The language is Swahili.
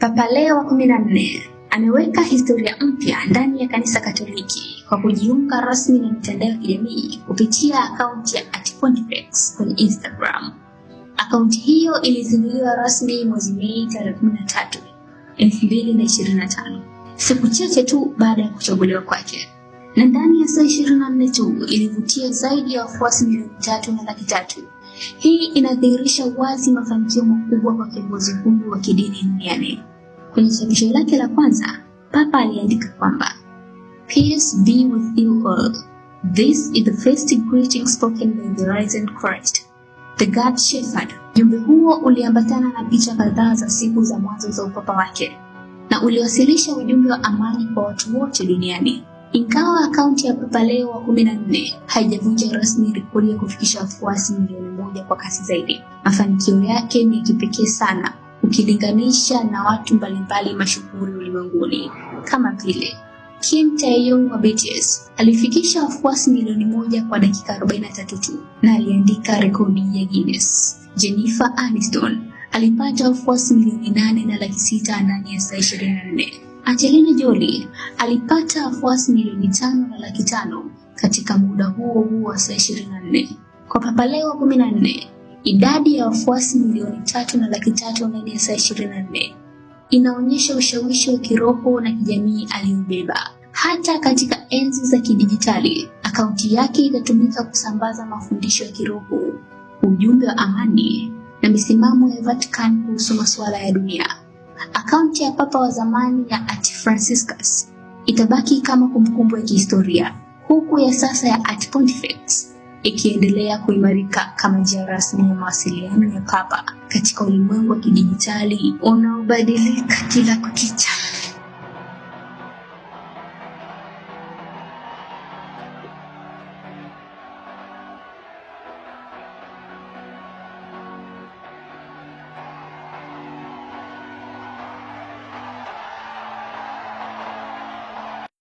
Papa Leo wa kumi na nne ameweka historia mpya ndani ya kanisa Katoliki kwa kujiunga rasmi na mitandao ya kijamii kupitia akaunti ya @pontifex kwenye Instagram. Akaunti hiyo ilizinduliwa rasmi mwezi Mei tarehe 13, 2025, siku chache tu baada ya kuchaguliwa kwake, na ndani ya saa 24 tu ilivutia zaidi ya wafuasi milioni tatu na laki tatu. Hii inadhihirisha wazi mafanikio makubwa kwa kiongozi huyu wa kidini duniani. Kwenye chapisho lake la kwanza, Papa aliandika kwamba Peace be with you all. This is the first greeting spoken by the risen Christ, the God Shepherd. Jumbe huo uliambatana na picha kadhaa za siku za mwanzo za upapa wake na uliwasilisha ujumbe wa amani kwa watu wote duniani. Ingawa akaunti ya Papa Leo wa 14 haijavunja rasmi rekodi ya kufikisha wafuasi milioni moja kwa kasi zaidi, mafanikio yake ni kipekee sana ukilinganisha na watu mbalimbali mashuhuri ulimwenguni kama vile Kim Taeyong wa BTS alifikisha wafuasi milioni moja kwa dakika 43 tu na aliandika rekodi ya Guinness. Jennifer Aniston alipata wafuasi milioni nane na laki sita ndani ya saa 24. Angelina Jolie alipata wafuasi milioni tano na laki tano katika muda huo huo wa saa 24. Kwa Papa Leo wa Idadi ya wafuasi milioni tatu na laki tatu ndani ya saa ishirini inaonyesha ushawishi wa kiroho na kijamii aliyobeba Hata katika enzi za kidijitali, akaunti yake itatumika kusambaza mafundisho ya kiroho, ujumbe wa amani na misimamo ya Vatican kuhusu masuala ya dunia. Akaunti ya papa wa zamani ya at Franciscus itabaki kama kumbukumbu ya kihistoria, huku ya sasa ya at Pontifex ikiendelea kuimarika kama njia rasmi ya mawasiliano ya papa katika ulimwengu wa kidijitali unaobadilika kila kukicha.